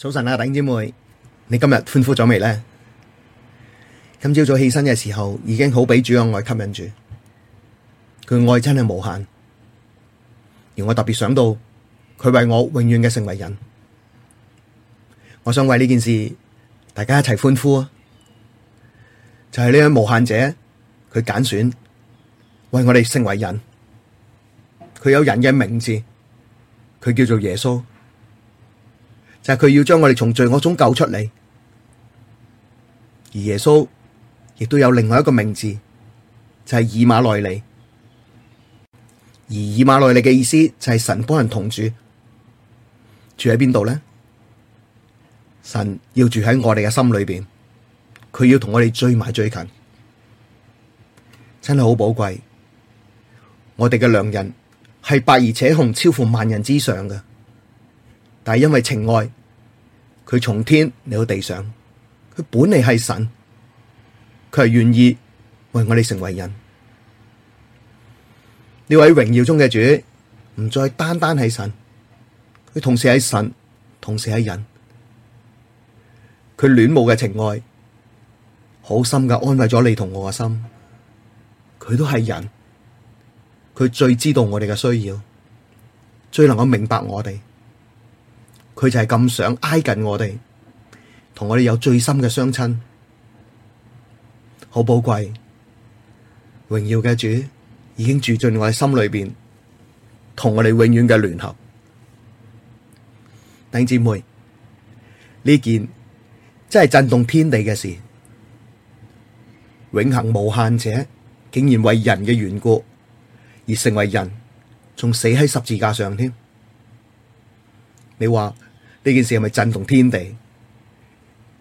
早晨啊，頂姐妹，你今日歡呼咗未呢？今朝早起身嘅時候，已經好俾主嘅愛吸引住。佢愛真係無限，而我特別想到佢為我永遠嘅成為人。我想為呢件事，大家一齊歡呼啊！就係呢位無限者，佢揀選為我哋成為人。佢有人嘅名字，佢叫做耶穌。但係佢要將我哋從罪惡中救出嚟，而耶穌亦都有另外一個名字，就係以馬內利。而以馬內利嘅意思就係神幫人同住，住喺邊度呢？神要住喺我哋嘅心裏邊，佢要同我哋追埋最近，真係好寶貴。我哋嘅良人係白而且紅，超乎萬人之上嘅，但係因為情愛。佢從天嚟，到地上，佢本嚟係神，佢係願意為我哋成為人。呢位榮耀中嘅主唔再單單係神，佢同時係神，同時係人。佢戀慕嘅情愛，好深嘅安慰咗你同我嘅心。佢都係人，佢最知道我哋嘅需要，最能夠明白我哋。佢就係咁想挨近我哋，同我哋有最深嘅相親，好寶貴。榮耀嘅主已經住進我嘅心裏邊，同我哋永遠嘅聯合。弟兄姊妹，呢件真係震動天地嘅事，永恆無限者竟然為人嘅緣故而成為人，仲死喺十字架上添。你話？呢件事係咪震動天地？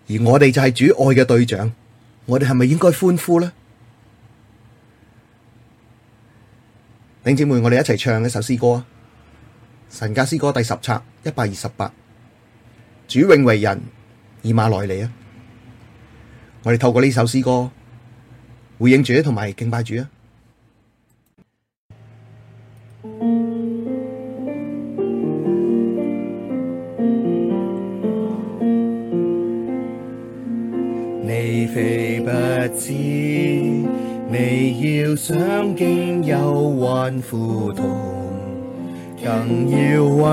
而我哋就係主愛嘅對象，我哋係咪應該歡呼呢？弟兄姊妹，我哋一齊唱一首詩，詩歌啊！神家詩歌第十冊一百二十八，主永為人，以馬內利啊！我哋透過呢首詩歌回應主，同埋敬拜主啊！你要常經憂患苦痛，更要為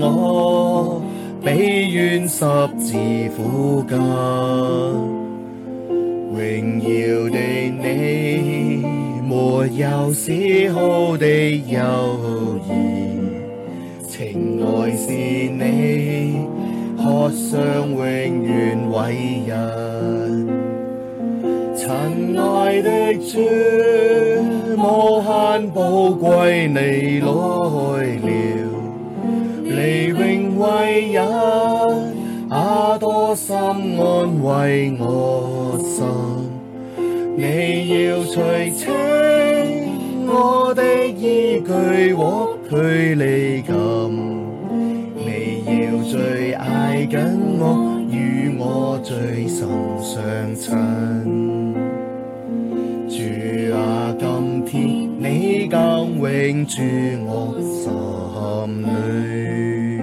我被懸十字苦架。榮耀的你，沒有絲毫的猶疑，情愛使你，渴想永遠為人。親愛的主，無限寶貴你來了，你永為人，啊，多深安慰我心，你要除清我的疑懼和距離感，你要最挨近我，與我最深相親。更永住我心裡，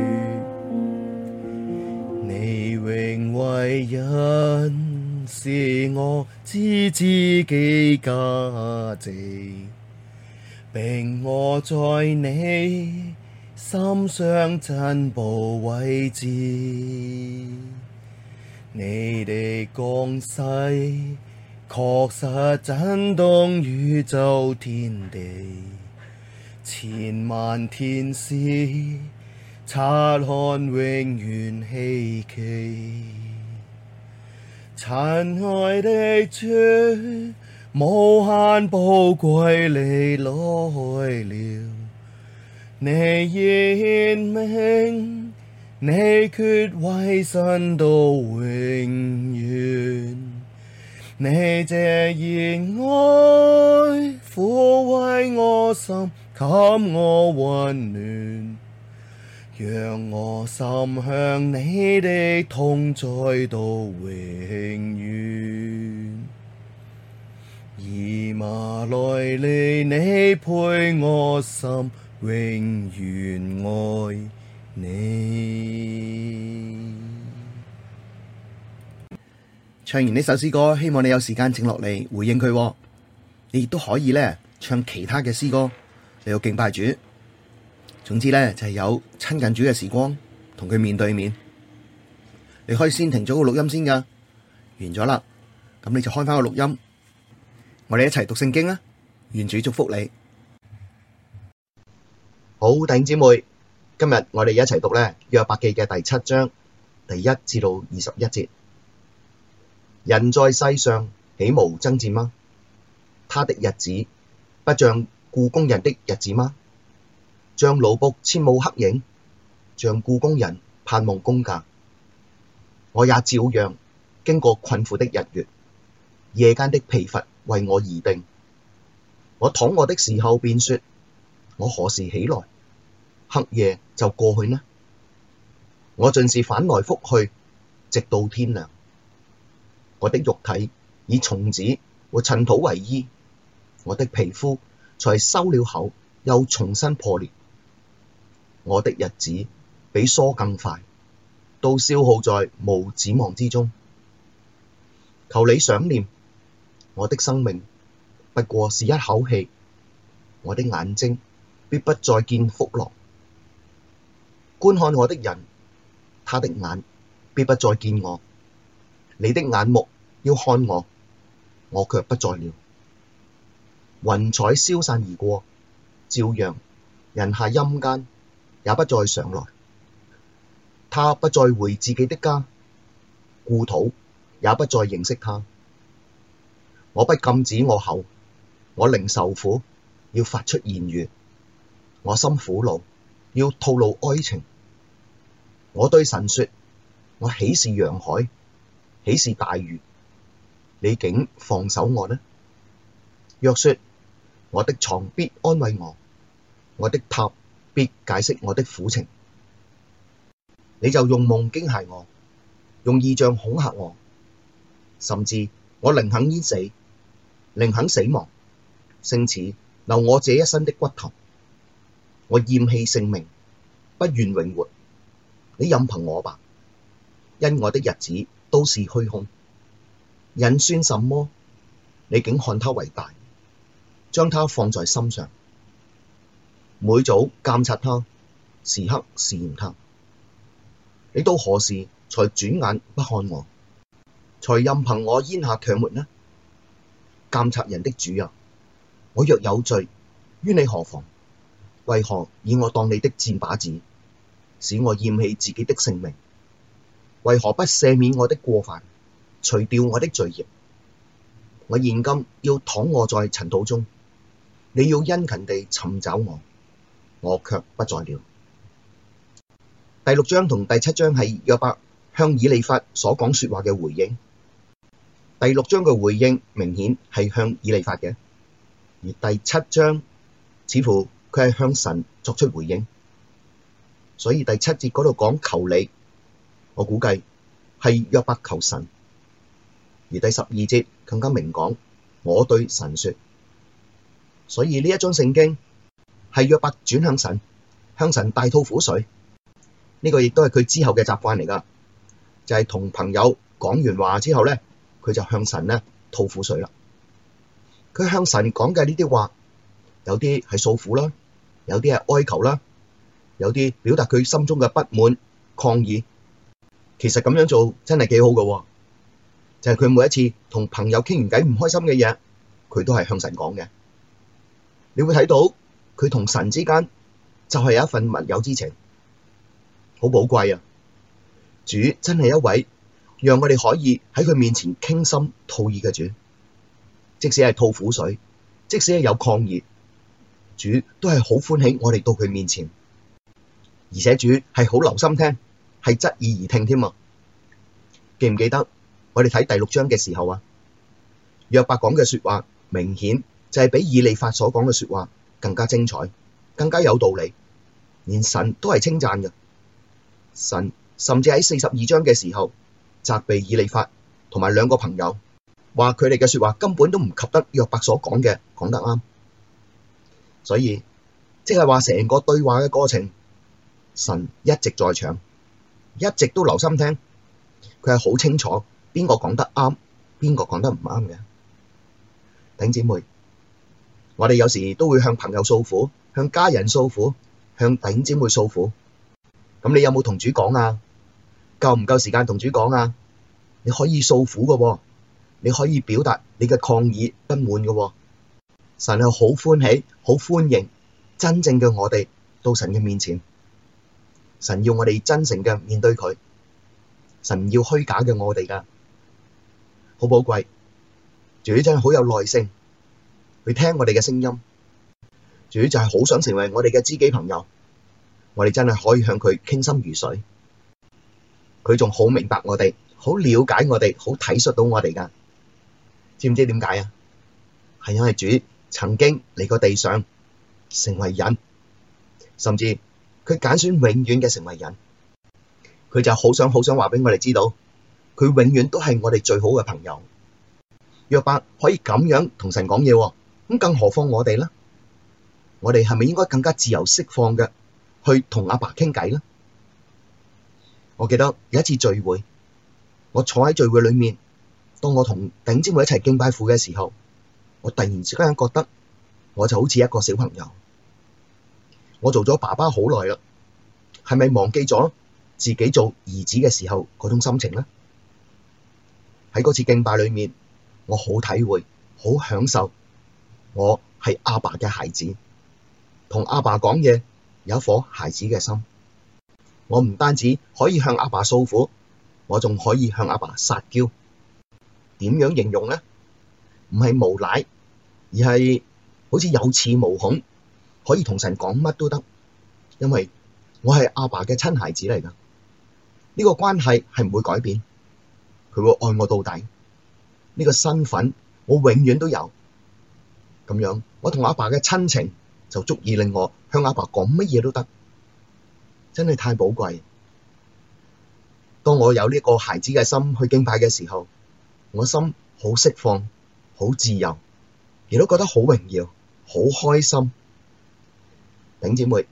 你永為人，使我知自己價值，並我在你心上珍寶位置，你的降世，確實震動宇宙、天地，千萬天使察看、永遠希奇。親愛的主，無限寶貴你來了，你已顯明，你決委身到永遠。你這熱愛撫慰我心，給我溫暖，讓我深享你的同在到永遠。以馬內利，你配我心，永遠愛你。唱完呢首詩歌，希望你有時間靜落嚟回應佢。你亦都可以咧唱其他嘅詩歌，你要敬拜主。總之咧就係有親近主嘅時光，同佢面對面。你可以先停咗個錄音先噶，完咗啦，咁你就開翻個錄音。我哋一齊讀聖經啊！願主祝福你。好，弟兄姊妹，今日我哋一齊讀咧約伯記嘅第七章第一至到二十一節。人在世上豈無爭戰嗎？他的日子不像雇工人的日子嗎？像奴僕切慕黑影，像雇工人盼望工價。我也照樣經過困苦的日月，夜間的疲乏為我而定。我躺臥的時候便說：我何時起來？黑夜就過去呢？我盡是反來覆去，直到天亮。我的肉體以蟲子和塵土為衣，我的皮膚才收了口又重新破裂。我的日子比梭更快，都消耗在無指望之中。求你想念，我的生命不過是一口氣。我的眼睛必不再見福樂，觀看我的人，他的眼必不再見我。你的眼目要看我，我卻不在了。雲彩消散而過，照樣人下陰間也不再上來。他不再回自己的家，故土也不再認識他。我不禁止我口，我靈受苦，要發出言語，我心苦惱，要吐露哀情。我對神說：我豈是洋海。豈是大魚，你竟防守我呢？若說，我的床必安慰我，我的榻必解釋我的苦情，你就用夢驚嚇我，用異象恐嚇我，甚至我寧肯噎死，寧肯死亡，勝似留我這一身的骨頭，我厭棄性命，不願永活，你任憑我吧，因我的日子。都是虛空，人算什麼？你竟看他為大，將他放在心上，每早監察鑒察他，時刻試驗他。你到何時才轉眼不看我？才任憑我咽下唾沫呢？鑒察人的主啊，我若有罪，於你何妨？為何以我當你的箭靶子，使我厭棄自己的性命？為何不赦免我的過犯，除掉我的罪孽？我現今要躺臥在塵土中，你要殷勤地尋找我，我卻不在了。第六章同第七章係約伯向以利法所講說話嘅回應。第六章嘅回應明顯係向以利法嘅，而第七章似乎佢係向神作出回應。所以第七節嗰度講求你。我估計係約伯求神，而第十二節更加明講，我對神説。所以呢一章聖經係約伯轉向神，向神大吐苦水。呢、這個亦都係佢之後嘅習慣嚟㗎，就係、是、同朋友講完話之後呢，佢就向神呢吐苦水啦。佢向神講嘅呢啲話，有啲係訴苦啦，有啲係哀求啦，有啲表達佢心中嘅不滿抗議。其實咁樣做真係幾好噶喎，就係佢每一次同朋友傾完偈，唔開心嘅嘢，佢都係向神講嘅。你會睇到佢同神之間就係有一份密友之情,好寶貴啊！主真係一位讓我哋可以喺佢面前傾心吐意嘅主，即使係吐苦水，即使係有抗議，主都係好歡喜我哋到佢面前，而且主係好留心聽。係質疑而聽添啊！記唔記得我哋睇第六章嘅時候啊？約伯講嘅說話明顯就係比以利法所講嘅說話更加精彩，更加有道理，連神都係稱讚嘅。神甚至喺四十二章嘅時候責備以利法同埋兩個朋友，話佢哋嘅說話根本都唔及得約伯所講嘅講得啱。所以即係話成個對話嘅過程，神一直在場。一直都留心聽，佢係好清楚邊個講得啱，邊個講得唔啱嘅。頂姊妹，我哋有時都會向朋友訴苦，向家人訴苦，向頂姊妹訴苦。咁你有冇同主講啊？夠唔夠時間同主講啊？你可以訴苦嘅哦，你可以表達你嘅抗議不滿嘅。神係好歡喜、好歡迎真正嘅我哋到神嘅面前。神要我哋真誠嘅面對佢，神唔要虛假嘅我哋噶，好寶貴。主真係好有耐性，去聽我哋嘅聲音，主就係好想成為我哋嘅知己朋友，我哋真係可以向佢傾心如水。佢仲好明白我哋，好了解我哋，好體恤到我哋噶。知唔知點解啊？係因為主曾經嚟過地上，成為人，甚至。佢揀選永遠嘅成為人，佢就好想好想話俾我哋知道，佢永遠都係我哋最好嘅朋友。約伯可以咁樣同神講嘢，咁更何況我哋呢？我哋係咪應該更加自由釋放嘅去同阿爸傾偈呢？我記得有一次聚會，我坐喺聚會裏面，當我同頂尖位一齊敬拜父嘅時候，我突然之間覺得我就好似一個小朋友。我做咗爸爸好耐啦，係咪忘記咗自己做兒子嘅時候嗰種心情呢？喺嗰次敬拜裏面，我好體會，好享受。我係阿爸嘅孩子，同阿爸講嘢，有一顆孩子嘅心。我唔單止可以向阿爸，爸訴苦，我仲可以向阿爸，爸撒嬌。點樣形容呢？唔係無賴，而係好似有恃無恐。可以同神講乜都得，因為我係阿爸嘅親孩子嚟噶，呢個關係係唔會改變，佢會愛我到底。呢個身份我永遠都有咁樣。我同阿爸嘅親情就足以令我向阿爸講乜嘢都得，真係太寶貴。當我有呢個孩子嘅心去敬拜嘅時候，我心好釋放，好自由，亦都覺得好榮耀，好開心。頂姐妹，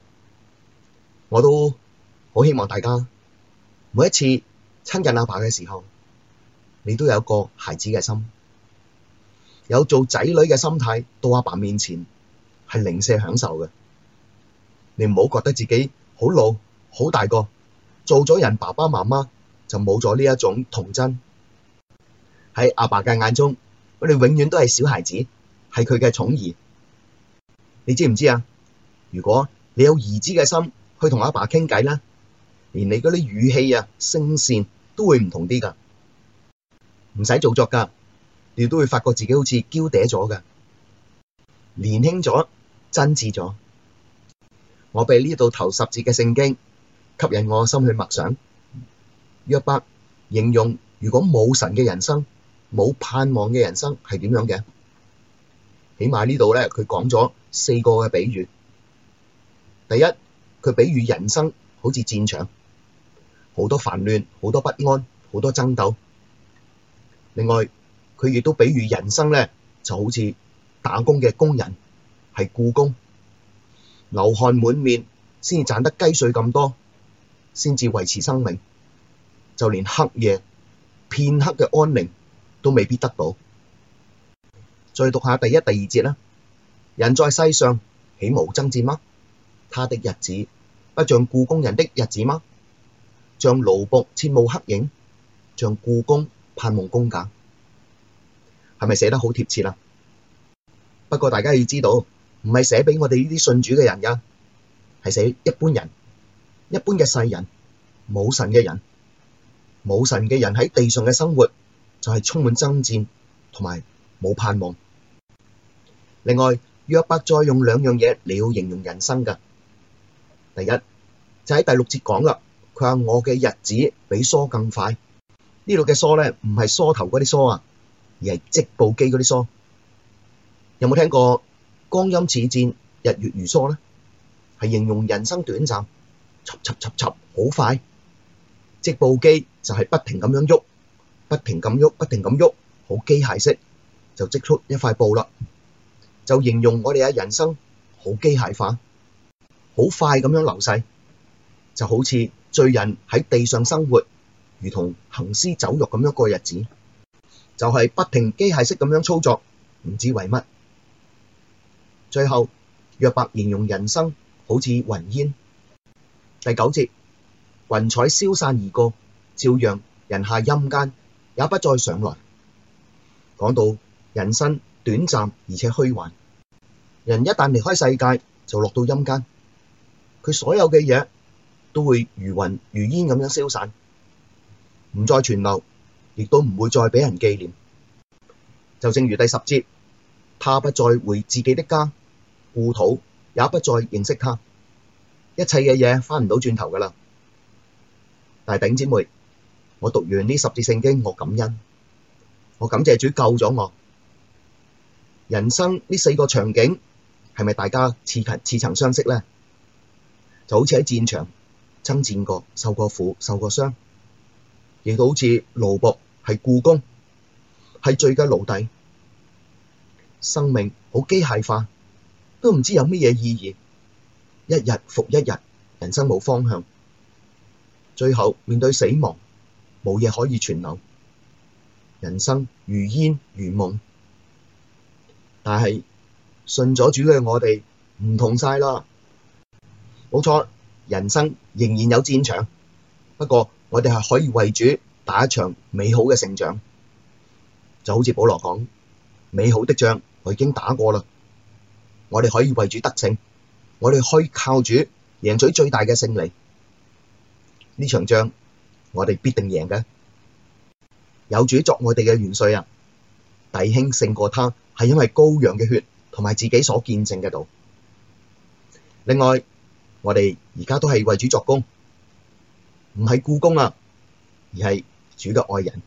我都好希望大家每一次親近阿爸嘅時候，你都有個孩子嘅心，有做仔女嘅心態到阿爸面前，係零舍享受嘅。你唔好覺得自己好老好大個，做咗人爸爸媽媽就冇咗呢一種童真。喺阿爸嘅眼中，我哋永遠都係小孩子，係佢嘅寵兒。你知唔知啊？如果你有兒子嘅心去同阿爸傾偈咧，連你嗰啲語氣啊、聲線都會唔同啲噶，唔使做作噶，你都會發覺自己好似嬌嗲咗噶，年輕咗、真摯咗。我被呢度頭十字嘅聖經吸引，我心去默想約伯形容，如果冇神嘅人生、冇盼望嘅人生係點樣嘅？起碼呢度咧，佢講咗四個嘅比喻。第一，佢比喻人生好似戰場，好多煩亂，好多不安，好多爭鬥。另外，佢亦都比喻人生咧就好似打工嘅工人，係僱工，流汗滿面先至賺得雞碎咁多，先至維持生命。就連黑夜片刻嘅安寧都未必得到。再讀下第一、第二節啦。人在世上豈無爭戰嗎？他的日子，不像雇工人的日子嗎？像奴僕切慕黑影，像雇工盼望工價，係咪寫得好貼切啊？不過大家要知道，唔係寫畀我哋呢啲信主嘅人㗎，係寫一般人、一般嘅世人、冇神嘅人、冇神嘅人喺地上嘅生活就係、是、充滿爭戰同埋冇盼望。另外，約伯再用兩樣嘢嚟形容人生㗎。第一就喺第六節講啦，佢話我嘅日子比梭更快。呢度嘅梭咧，唔係梳頭嗰啲梳啊，而係織布機嗰啲梭。有冇聽過光陰似箭，日月如梭咧？係形容人生短暫，插插插插好快。織布機就係不停咁樣喐，不停咁喐，不停咁喐，好機械式就織出一塊布啦。就形容我哋嘅人生好機械化。好快咁樣流逝，就好似罪人喺地上生活，如同行屍走肉咁樣過日子，就係不停機械式咁樣操作，唔知為乜。最後約伯形容人生好似雲煙，第九節，雲彩消散而過，照樣人下陰間，也不再上來。講到人生短暫而且虛幻，人一旦離開世界就落到陰間。佢所有嘅嘢都會如雲如煙咁樣消散，唔再存留，亦都唔會再俾人紀念。就正如第十節，他不再回自己的家故土，也不再認識他。一切嘅嘢翻唔到轉頭噶啦。大係頂姐妹，我讀完呢十字聖經，我感恩，我感謝主救咗我。人生呢四個場景，係咪大家似曾似曾相識呢？就好似喺戰場曾戰過，受過苦，受過傷，亦都好似勞碌，係雇工，係最嘅奴隸，生命好機械化，都唔知有乜嘢意義，一日復一日，人生冇方向，最後面對死亡，冇嘢可以存留，人生如煙如夢，但係信咗主嘅我哋唔同晒啦。冇錯，人生仍然有戰場，不過我哋係可以為主打一場美好嘅勝仗，就好似保羅講：美好的仗我已經打過啦。我哋可以為主得勝，我哋可以靠主贏取最大嘅勝利。呢場仗我哋必定贏嘅。有主作我哋嘅元帥啊，弟兄勝過他係因為羔羊嘅血同埋自己所見證嘅道。另外，我哋而家都係為主作工，唔係僱工啊，而係主嘅愛人。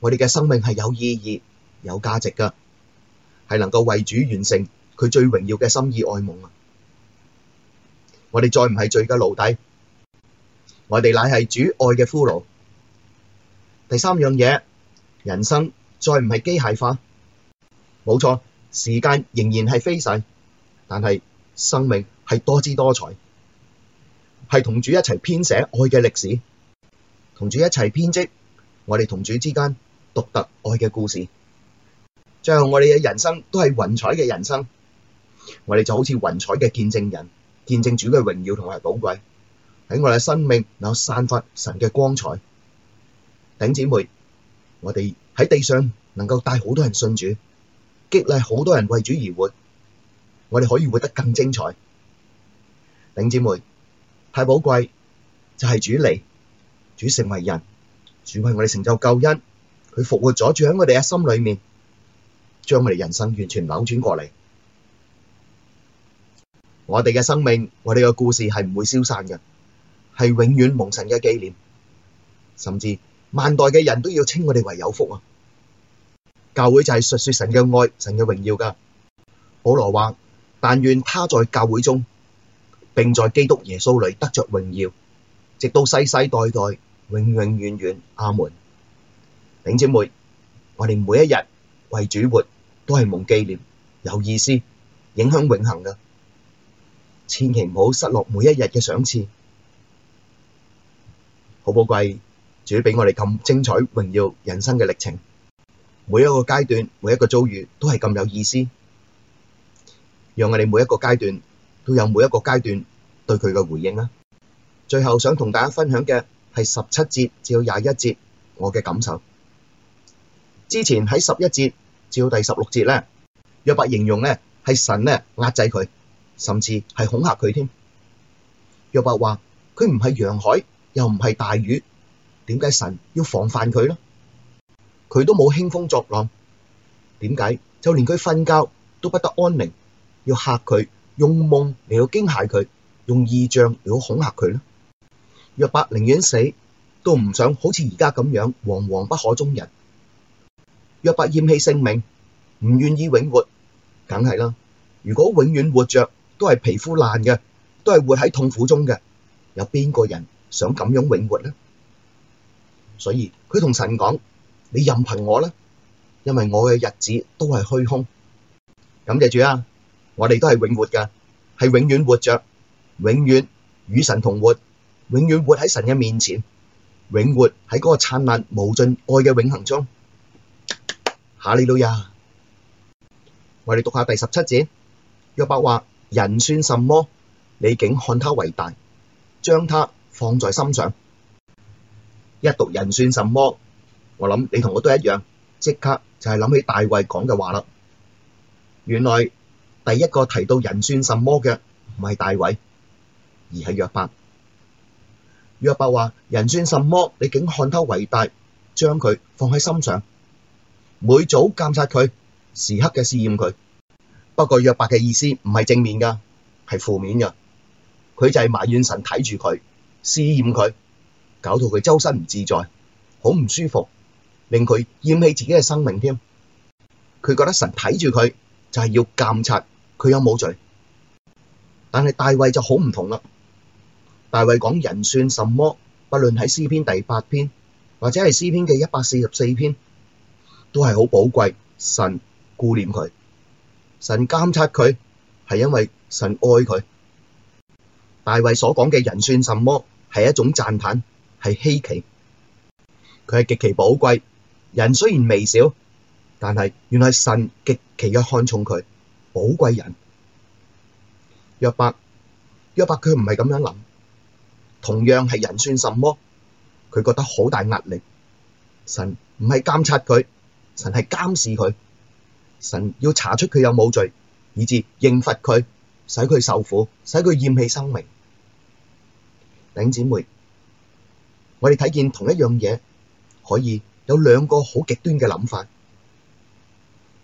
我哋嘅生命係有意義、有價值噶，係能夠為主完成佢最榮耀嘅心意、愛夢啊！我哋再唔係罪嘅奴隸，我哋乃係主愛嘅俘虜。第三樣嘢，人生再唔係機械化。冇錯，時間仍然係飛逝，但係生命，係多姿多彩，係同主一齊編寫愛嘅歷史，同主一齊編織我哋同主之間獨特愛嘅故事。最後我哋嘅人生都係雲彩嘅人生，我哋就好似雲彩嘅見證人，見證主嘅榮耀同埋寶貴喺我哋嘅生命能夠散發神嘅光彩。頂姐妹，我哋喺地上能夠帶好多人信主，激勵好多人為主而活，我哋可以活得更精彩。弟兄姊妹，太寶貴就係主嚟，主成為人，主為我哋成就救恩，佢復活咗，住喺我哋嘅心裏面，將我哋人生完全扭轉過嚟。我哋嘅生命，我哋嘅故事係唔會消散嘅，係永遠蒙神嘅紀念，甚至萬代嘅人都要稱我哋為有福啊！教會就係述說神嘅愛，神嘅榮耀噶。保羅話：但願他在教會中。並在基督耶穌裏得着榮耀，直到世世代代永永遠遠。阿門。弟兄姊妹，我哋每一日為主活都係蒙紀念，有意思，影響永恆㗎。千祈唔好失落每一日嘅賞賜，好寶貴。主俾我哋咁精彩榮耀人生嘅歷程，每一個階段每一個遭遇都係咁有意思，讓我哋每一個階段。都有每一個階段對佢嘅回應啊。最後想同大家分享嘅係十七節至到廿一節，我嘅感受。之前喺十一節至到第十六節咧，約伯形容咧係神咧壓制佢，甚至係恐嚇佢添。約伯話佢唔係洋海，又唔係大魚，點解神要防範佢咧？佢都冇興風作浪，點解就連佢瞓覺都不得安寧，要嚇佢？用夢嚟到驚嚇佢，用異象嚟到恐嚇佢咧。約伯寧願死，都唔想好似而家咁樣惶惶不可終日。約伯厭棄性命，唔願意永活，梗係啦。如果永遠活着都係皮膚爛嘅，都係活喺痛苦中嘅，有邊個人想咁樣永活呢？所以佢同神講，你任憑我啦，因為我嘅日子都係虛空。感謝主啊！我哋都係永活噶，係永遠活着，永遠與神同活，永遠活喺神嘅面前，永活喺嗰個燦爛無盡愛嘅永恆中。哈利路亞，我哋讀下第十七節。約伯話：人算什麼？你竟看他為大，將他放在心上。一讀人算什麼，我諗你同我都一樣，即刻就係諗起大衛講嘅話啦。原來。第一個提到人算什麼嘅，唔係大衛，而係約伯。約伯話：人算什麼？你竟看他為大，將佢放喺心上，每早監察佢，時刻嘅試驗佢。不過約伯嘅意思唔係正面㗎，係負面㗎。佢就係埋怨神睇住佢，試驗佢，搞到佢周身唔自在，好唔舒服，令佢厭棄自己嘅生命添。佢覺得神睇住佢，就係要監察，佢有冇罪？但係大衛就好唔同啦。大衛講，人算什麼，不論喺詩篇第八篇或者係詩篇嘅一百四十四篇，都係好寶貴。神顧念佢，神監察佢，係因為神愛佢。大衛所講嘅人算什麼，係一種讚嘆，係稀奇。佢係極其寶貴。人雖然微小，但係原來神極其嘅看重佢。寶貴。人約伯，約伯，佢唔係咁樣諗，同樣係人算什麼？佢覺得好大壓力。神唔係監察佢，神係監視佢，神要查出佢有冇罪，以致懲罰佢，使佢受苦，使佢厭棄生命。頂姊妹，我哋睇見同一樣嘢可以有兩個好極端嘅諗法。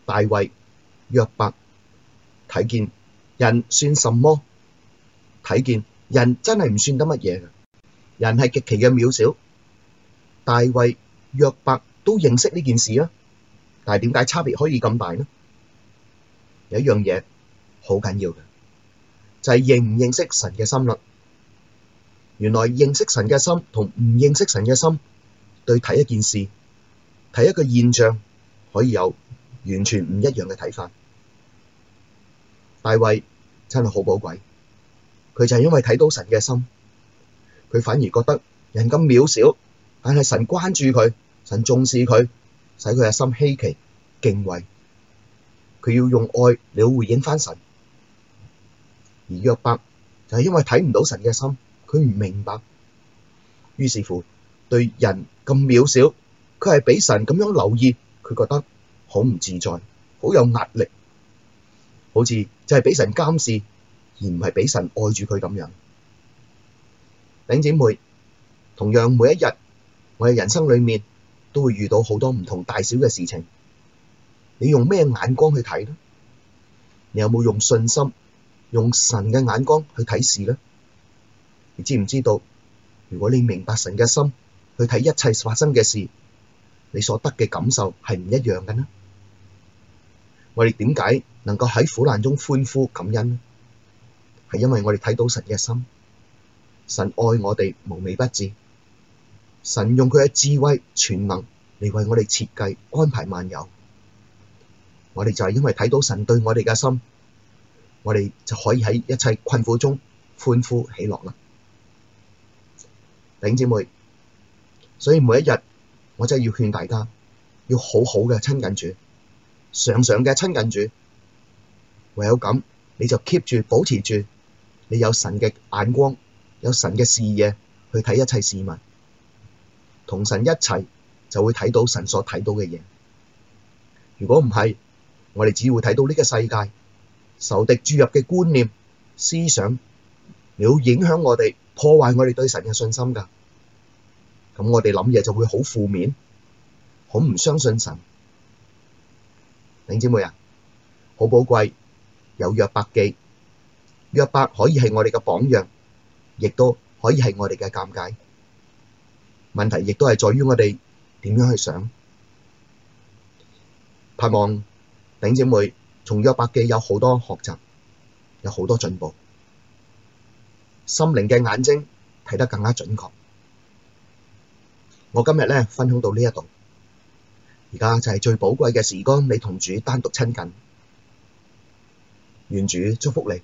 大衛約伯。睇見，人算什麼？睇見，人真係唔算得乜嘢。人係極其嘅渺小。大衛約伯都認識呢件事，但係點解差別可以咁大呢？有一樣嘢，好緊要嘅。就係認唔認識神嘅心律。原來，認識神嘅心同唔認識神嘅心，對睇一件事，睇一個現象，可以有完全唔一樣嘅睇法。大衛真係好寶貴，佢就係因為睇到神嘅心，佢反而覺得人咁渺小，但係神關注佢，神重視佢，使佢嘅心稀奇敬畏。佢要用愛嚟回應翻神。而約伯就係因為睇唔到神嘅心，佢唔明白，於是乎對人咁渺小，佢係畀神咁樣留意，佢覺得好唔自在，好有壓力。好似就係畀神監視，而唔係畀神愛住佢咁樣。頂姐妹，同樣每一日我嘅人生裡面都會遇到好多唔同大小嘅事情，你用咩眼光去睇呢？你有冇用信心、用神嘅眼光去睇事呢？你知唔知道？如果你明白神嘅心去睇一切發生嘅事，你所得嘅感受係唔一樣嘅呢？我哋點解能夠喺苦難中歡呼感恩呢？係因為我哋睇到神嘅心，神愛我哋無微不至，神用佢嘅智慧、全能嚟為我哋設計、安排萬有。我哋就係因為睇到神對我哋嘅心，我哋就可以喺一切困苦中歡呼喜樂啦，弟兄姐妹。所以每一日，我真係要勸大家，要好好嘅親近主。常常嘅親近主，唯有咁，你就 keep 住保持住，你有神嘅眼光，有神嘅視野去睇一切事物，同神一齊就會睇到神所睇到嘅嘢。如果唔係，我哋只會睇到呢個世界仇敵注入嘅觀念思想，嚟到影響我哋，破壞我哋對神嘅信心噶。咁我哋諗嘢就會好負面，好唔相信神。頂姊妹啊，好寶貴，有約伯記，約伯可以係我哋嘅榜樣，亦都可以係我哋嘅鑒戒。問題亦都係在於我哋點樣去想，盼望頂姊妹從約伯記有好多學習，有好多進步，心靈嘅眼睛睇得更加準確。我今日咧分享到呢一度。而家就係最寶貴嘅時光，你同主單獨親近，願主祝福你。